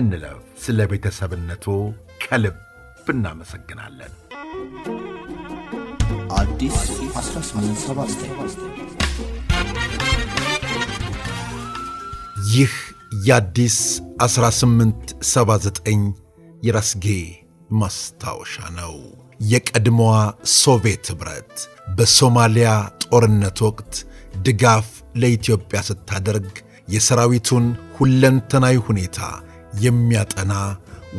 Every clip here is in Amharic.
እንለፍ። ስለ ቤተሰብነቱ ከልብ እናመሰግናለን። ይህ የአዲስ 1879 የራስጌ ማስታወሻ ነው። የቀድሞዋ ሶቪየት ኅብረት በሶማሊያ ጦርነት ወቅት ድጋፍ ለኢትዮጵያ ስታደርግ የሰራዊቱን ሁለንተናዊ ሁኔታ የሚያጠና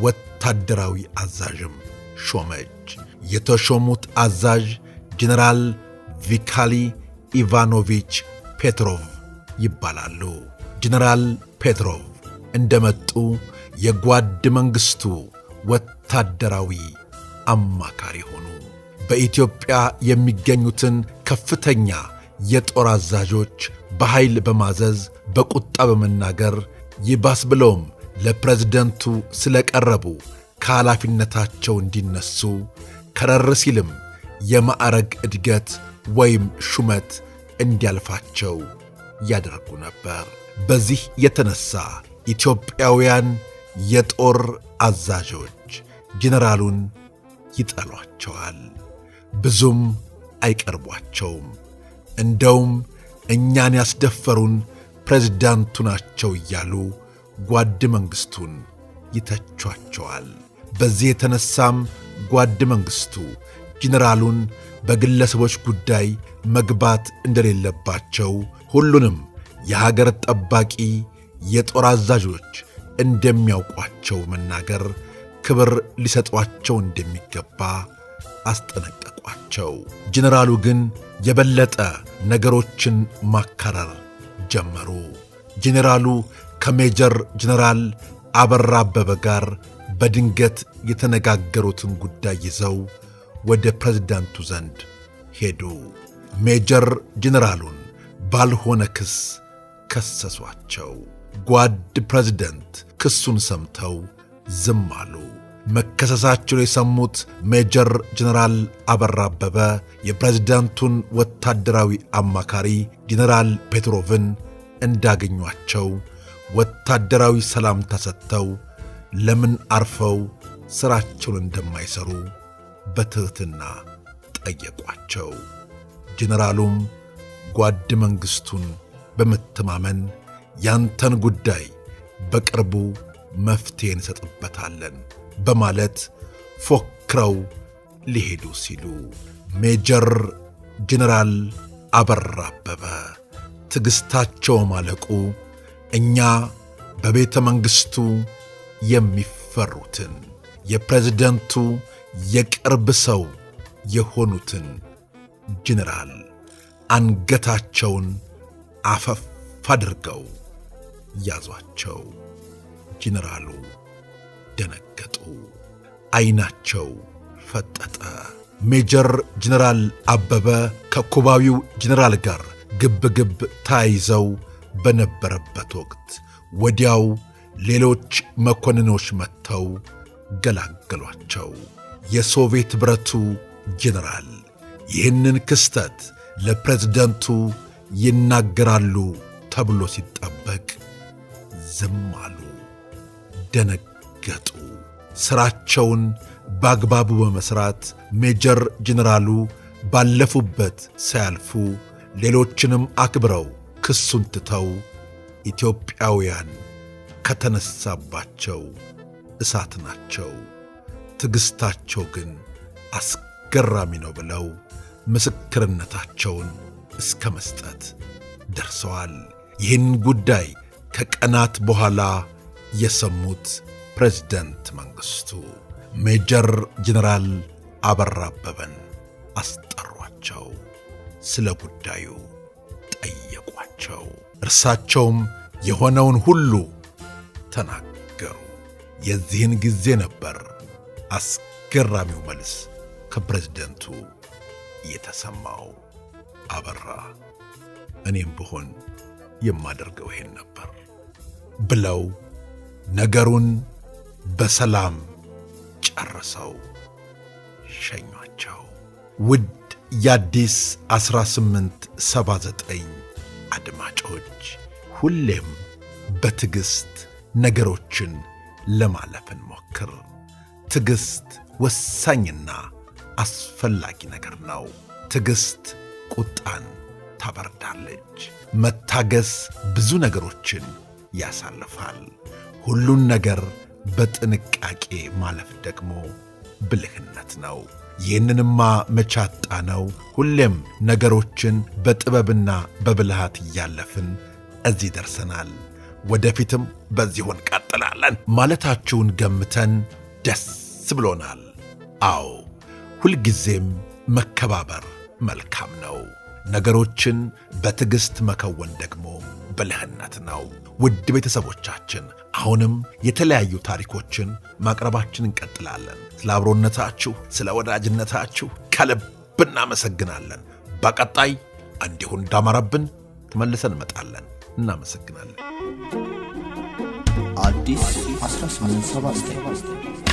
ወታደራዊ አዛዥም ሾመች። የተሾሙት አዛዥ ጀኔራል ቪካሊ ኢቫኖቪች ፔትሮቭ ይባላሉ። ጀኔራል ፔትሮቭ እንደመጡ የጓድ መንግሥቱ ወታደራዊ አማካሪ ሆኑ። በኢትዮጵያ የሚገኙትን ከፍተኛ የጦር አዛዦች በኃይል በማዘዝ በቁጣ በመናገር ይባስ ብለውም ለፕሬዝደንቱ ስለቀረቡ ከኃላፊነታቸው እንዲነሱ ከረር ሲልም የማዕረግ እድገት ወይም ሹመት እንዲያልፋቸው ያደርጉ ነበር። በዚህ የተነሳ ኢትዮጵያውያን የጦር አዛዦች ጄኔራሉን ይጠሏቸዋል። ብዙም አይቀርቧቸውም። እንደውም እኛን ያስደፈሩን ፕሬዝዳንቱ ናቸው እያሉ ጓድ መንግሥቱን ይተቿቸዋል። በዚህ የተነሳም ጓድ መንግሥቱ ጄኔራሉን በግለሰቦች ጉዳይ መግባት እንደሌለባቸው ሁሉንም የሀገር ጠባቂ የጦር አዛዦች እንደሚያውቋቸው መናገር ክብር ሊሰጧቸው እንደሚገባ አስጠነቀቋቸው። ጄኔራሉ ግን የበለጠ ነገሮችን ማካረር ጀመሩ። ጄኔራሉ ከሜጀር ጀነራል አበራ አበበ ጋር በድንገት የተነጋገሩትን ጉዳይ ይዘው ወደ ፕሬዝዳንቱ ዘንድ ሄዱ። ሜጀር ጀነራሉን ባልሆነ ክስ ከሰሷቸው። ጓድ ፕሬዝደንት ክሱን ሰምተው ዝም አሉ። መከሰሳቸው የሰሙት ሜጀር ጀነራል አበራ አበበ የፕሬዝዳንቱን ወታደራዊ አማካሪ ጀነራል ፔትሮቭን እንዳገኟቸው ወታደራዊ ሰላም ተሰጥተው ለምን አርፈው ሥራቸውን እንደማይሠሩ በትሕትና ጠየቋቸው። ጀነራሉም ጓድ መንግሥቱን በመተማመን ያንተን ጉዳይ በቅርቡ መፍትሄ እንሰጥበታለን በማለት ፎክረው ሊሄዱ ሲሉ ሜጀር ጀነራል አበራ አበበ ትዕግሥታቸው ማለቁ እኛ በቤተ መንግሥቱ የሚፈሩትን የፕሬዝደንቱ የቅርብ ሰው የሆኑትን ጄኔራል አንገታቸውን አፈፍ አድርገው ያዟቸው። ጄኔራሉ ደነገጡ፣ ዐይናቸው ፈጠጠ። ሜጀር ጄኔራል አበበ ከኩባዊው ጄኔራል ጋር ግብግብ ተያይዘው በነበረበት ወቅት ወዲያው ሌሎች መኮንኖች መጥተው ገላገሏቸው። የሶቪየት ኅብረቱ ጄኔራል ይህንን ክስተት ለፕሬዝደንቱ ይናገራሉ ተብሎ ሲጠበቅ ዝም አሉ። ደነገጡ። ሥራቸውን በአግባቡ በመሥራት ሜጀር ጄኔራሉ ባለፉበት ሳያልፉ ሌሎችንም አክብረው ክሱን ትተው ኢትዮጵያውያን ከተነሳባቸው እሳት ናቸው፣ ትዕግሥታቸው ግን አስገራሚ ነው ብለው ምስክርነታቸውን እስከ መስጠት ደርሰዋል። ይህን ጉዳይ ከቀናት በኋላ የሰሙት ፕሬዝደንት መንግሥቱ ሜጀር ጀነራል አበራ አበበን አስጠሯቸው። ስለ ጉዳዩ ጠየቋቸው። እርሳቸውም የሆነውን ሁሉ ተናገሩ። የዚህን ጊዜ ነበር አስገራሚው መልስ ከፕሬዝደንቱ የተሰማው። አበራ እኔም ብሆን የማደርገው ይሄን ነበር ብለው ነገሩን በሰላም ጨርሰው ሸኟቸው። ውድ የአዲስ 1879 አድማጮች ሁሌም በትዕግሥት ነገሮችን ለማለፍ እንሞክር። ትዕግሥት ወሳኝና አስፈላጊ ነገር ነው። ትዕግሥት ቁጣን ታበርዳለች። መታገስ ብዙ ነገሮችን ያሳልፋል። ሁሉን ነገር በጥንቃቄ ማለፍ ደግሞ ብልህነት ነው። ይህንንማ መቻጣ ነው። ሁሌም ነገሮችን በጥበብና በብልሃት እያለፍን እዚህ ደርሰናል፣ ወደፊትም በዚሁ እንቀጥላለን ማለታችሁን ገምተን ደስ ብሎናል። አዎ ሁልጊዜም መከባበር መልካም ነው። ነገሮችን በትዕግሥት መከወን ደግሞ ብልህነት ነው። ውድ ቤተሰቦቻችን አሁንም የተለያዩ ታሪኮችን ማቅረባችን እንቀጥላለን። ስለ አብሮነታችሁ፣ ስለ ወዳጅነታችሁ ከልብ እናመሰግናለን። በቀጣይ እንዲሁ እንዳማረብን ተመልሰን እንመጣለን። እናመሰግናለን። አዲስ 1879